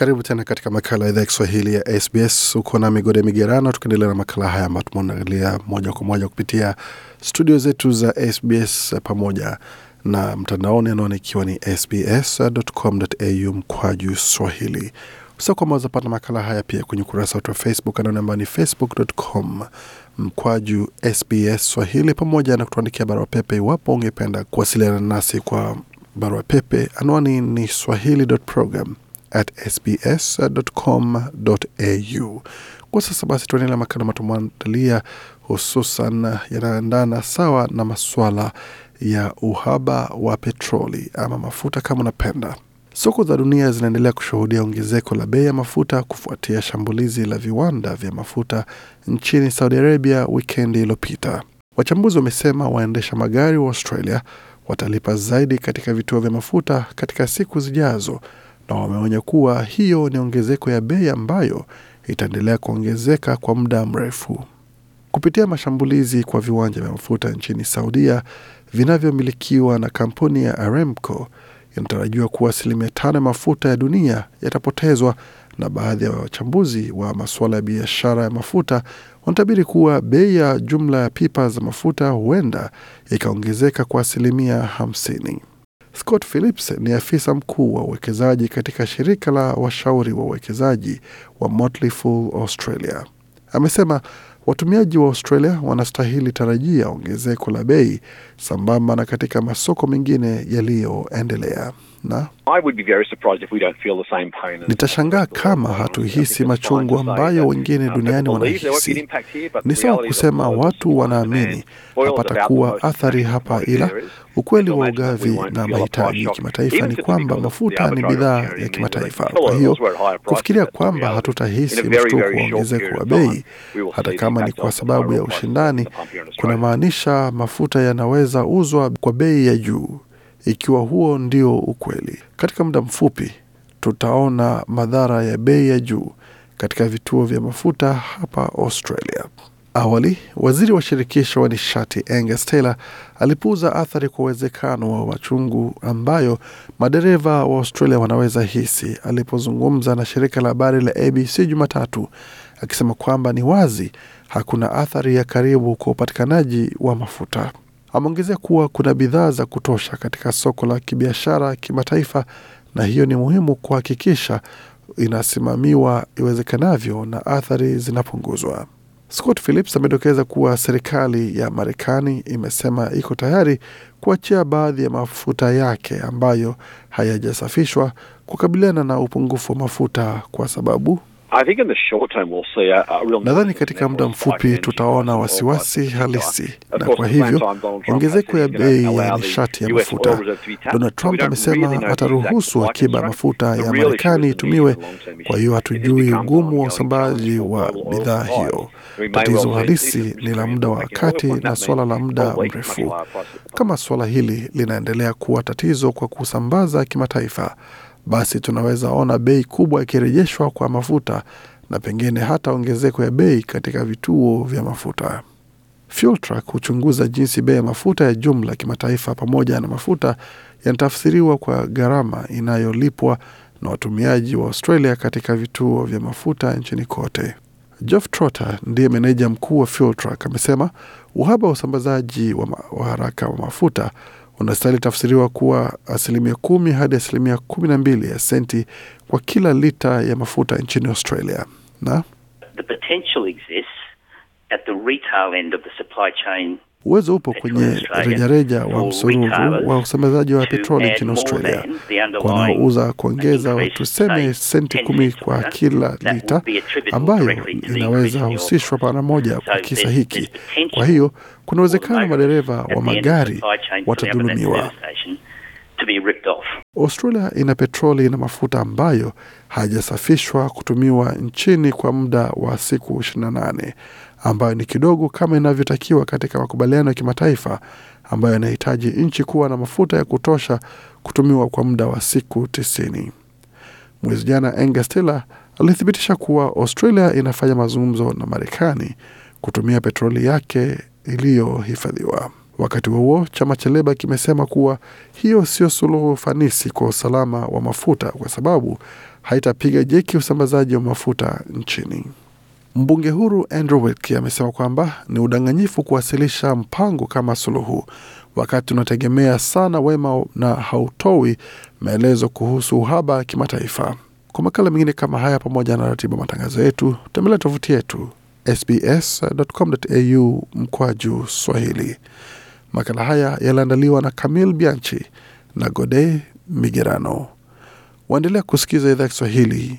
Karibu tena katika makala ya idhaa ya Kiswahili ya SBS. Uko na migode migerano, tukiendelea na makala haya ambayo tumeangalia moja kwa moja kupitia studio zetu za SBS pamoja na mtandaoni, anaona ikiwa ni sbs.com.au mkwaju swahili. Usahau kwamba wazapata makala haya pia kwenye ukurasa wetu wa Facebook, anaona ambayo ni facebook.com mkwaju SBS swahili, pamoja na kutuandikia barua pepe iwapo ungependa kuwasiliana nasi kwa barua pepe. Anwani ni swahili.program at sbs.com.au. Kwa sasa basi, tuendelea makala matumwandalia, hususan yanayoendana sawa na maswala ya uhaba wa petroli ama mafuta kama unapenda. Soko za dunia zinaendelea kushuhudia ongezeko la bei ya mafuta kufuatia shambulizi la viwanda vya mafuta nchini Saudi Arabia wikendi iliyopita. Wachambuzi wamesema waendesha magari wa Australia watalipa zaidi katika vituo vya mafuta katika siku zijazo na wameonya kuwa hiyo ni ongezeko ya bei ambayo itaendelea kuongezeka kwa muda mrefu. Kupitia mashambulizi kwa viwanja vya mafuta nchini Saudia vinavyomilikiwa na kampuni ya aremco inatarajiwa kuwa asilimia tano ya mafuta ya dunia yatapotezwa, na baadhi ya wachambuzi wa masuala ya biashara ya mafuta wanatabiri kuwa bei ya jumla ya pipa za mafuta huenda ikaongezeka kwa asilimia hamsini. Scott Phillips ni afisa mkuu wa uwekezaji katika shirika la washauri wa uwekezaji wa Motley Fool Australia. Amesema Watumiaji wa Australia wanastahili tarajia ongezeko la bei sambamba na katika masoko mengine yaliyoendelea. Na nitashangaa kama hatuhisi machungu ambayo wengine duniani wanahisi. Ni sawa kusema watu wanaamini hapatakuwa athari hapa, ila ukweli wa ugavi na mahitaji ya kimataifa ni kwamba mafuta ni bidhaa ya kimataifa. Kwa hiyo kufikiria kwamba hatutahisi mshtuko wa ongezeko wa bei hata kama kama ni kwa sababu ya ushindani, kunamaanisha mafuta yanaweza uzwa kwa bei ya juu. Ikiwa huo ndio ukweli, katika muda mfupi tutaona madhara ya bei ya juu katika vituo vya mafuta hapa Australia. Awali, waziri wa shirikisho wa nishati Angus Taylor alipuuza athari kwa uwezekano wa machungu ambayo madereva wa Australia wanaweza hisi alipozungumza na shirika la habari la ABC Jumatatu akisema kwamba ni wazi hakuna athari ya karibu kwa upatikanaji wa mafuta. Ameongezea kuwa kuna bidhaa za kutosha katika soko la kibiashara kimataifa, na hiyo ni muhimu kuhakikisha inasimamiwa iwezekanavyo na athari zinapunguzwa. Scott Phillips amedokeza kuwa serikali ya Marekani imesema iko tayari kuachia baadhi ya mafuta yake ambayo hayajasafishwa kukabiliana na upungufu wa mafuta kwa sababu Nadhani katika muda mfupi tutaona wasiwasi halisi, na kwa hivyo ongezeko ya bei ya nishati ya mafuta. Donald Trump amesema ataruhusu akiba ya mafuta ya Marekani itumiwe, kwa hiyo hatujui ugumu wa usambazaji wa bidhaa hiyo. Tatizo halisi ni la muda wa kati na suala la muda mrefu. Kama suala hili linaendelea kuwa tatizo kwa kusambaza kimataifa basi tunaweza ona bei kubwa ikirejeshwa kwa mafuta na pengine hata ongezeko ya bei katika vituo vya mafuta. Fueltrack huchunguza jinsi bei ya mafuta ya jumla kimataifa pamoja na mafuta yanatafsiriwa kwa gharama inayolipwa na watumiaji wa Australia katika vituo vya mafuta nchini kote. Jeff Trotter ndiye meneja mkuu wa Fueltrack amesema uhaba wa usambazaji wa haraka wa mafuta unastahili tafsiriwa kuwa asilimia kumi hadi asilimia kumi na mbili ya senti kwa kila lita ya mafuta nchini Australia na the potential exists at the retail end of the supply chain Uwezo upo kwenye rejareja wa msururu wa usambazaji wa petroli nchini Australia kwa wanaouza kuongeza, tuseme senti kumi kwa kila lita, ambayo inaweza husishwa mara moja kwa kisa hiki. Kwa hiyo kuna uwezekano madereva wa magari watadhulumiwa. Australia ina petroli na mafuta ambayo hayajasafishwa kutumiwa nchini kwa muda wa siku 28 ambayo ni kidogo kama inavyotakiwa katika makubaliano ya kimataifa ambayo yanahitaji nchi kuwa na mafuta ya kutosha kutumiwa kwa muda wa siku tisini. Mwezi jana Angus Taylor alithibitisha kuwa Australia inafanya mazungumzo na Marekani kutumia petroli yake iliyohifadhiwa. Wakati huo chama cha Leba kimesema kuwa hiyo sio suluhu fanisi kwa usalama wa mafuta kwa sababu haitapiga jeki usambazaji wa mafuta nchini. Mbunge huru Andrew Wilkie amesema kwamba ni udanganyifu kuwasilisha mpango kama suluhu wakati unategemea sana wema na hautowi maelezo kuhusu uhaba kimataifa. Kwa makala mengine kama haya pamoja na ratiba matangazo yetu, tembelea tovuti yetu sbs.com.au mkwaju Swahili. Makala haya yaliandaliwa na Kamil Bianchi na Gode Migerano. Waendelea kusikiza idhaa ya Kiswahili